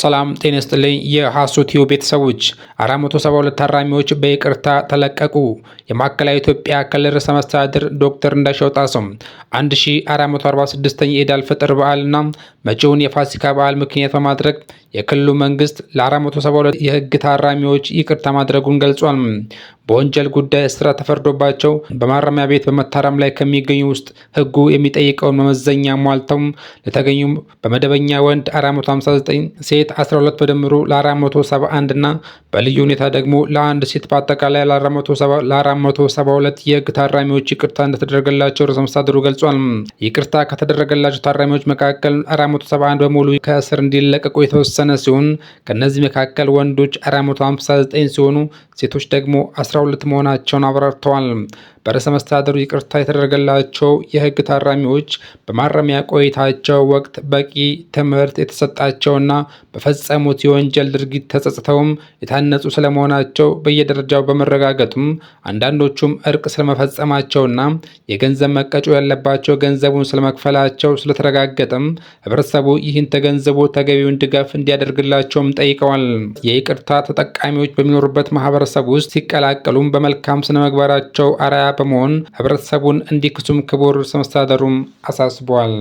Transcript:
ሰላም ጤና ይስጥልኝ። የሐሶቲዮ ቤተሰቦች 472 ታራሚዎች በይቅርታ ተለቀቁ። የማዕከላዊ ኢትዮጵያ ክልል ርዕሰ መስተዳድር ዶክተር እንዳሻው ጣሰው 1446ኛ የኢድ አል ፈጥር በዓልና መጪውን የፋሲካ በዓል ምክንያት በማድረግ የክልሉ መንግስት ለ472 የህግ ታራሚዎች ይቅርታ ማድረጉን ገልጿል። በወንጀል ጉዳይ እስራት ተፈርዶባቸው በማረሚያ ቤት በመታረም ላይ ከሚገኙ ውስጥ ህጉ የሚጠይቀውን መመዘኛ ሟልተው ለተገኙ በመደበኛ ወንድ 459 ሴት 12 በድምሩ ለ471 እና በልዩ ሁኔታ ደግሞ ለአንድ ሴት በአጠቃላይ ለ472 የህግ ታራሚዎች ይቅርታ እንደተደረገላቸው ርዕሰ መስተዳድሩ ገልጿል። ይቅርታ ከተደረገላቸው ታራሚዎች መካከል 471 በሙሉ ከእስር እንዲለቀቁ የተወሰነ ሲሆን ከእነዚህ መካከል ወንዶች 459 ሲሆኑ ሴቶች ደግሞ 12 መሆናቸውን አብራርተዋል። በርዕሰ መስተዳደሩ ይቅርታ የተደረገላቸው የህግ ታራሚዎች በማረሚያ ቆይታቸው ወቅት በቂ ትምህርት የተሰጣቸውና በፈጸሙት የወንጀል ድርጊት ተጸጽተውም የታነጹ ስለመሆናቸው በየደረጃው በመረጋገጡም አንዳንዶቹም እርቅ ስለመፈጸማቸውና የገንዘብ መቀጮ ያለባቸው ገንዘቡን ስለመክፈላቸው ስለተረጋገጠም ህብረተሰቡ ይህን ተገንዝቦ ተገቢውን ድጋፍ እንዲያደርግላቸውም ጠይቀዋል። የይቅርታ ተጠቃሚዎች በሚኖሩበት ማህበረሰብ በህብረተሰቡ ውስጥ ሲቀላቀሉም በመልካም ስነምግባራቸው አርአያ በመሆን ህብረተሰቡን እንዲክሱም ክቡር ርዕሰ መስተዳድሩም አሳስበዋል።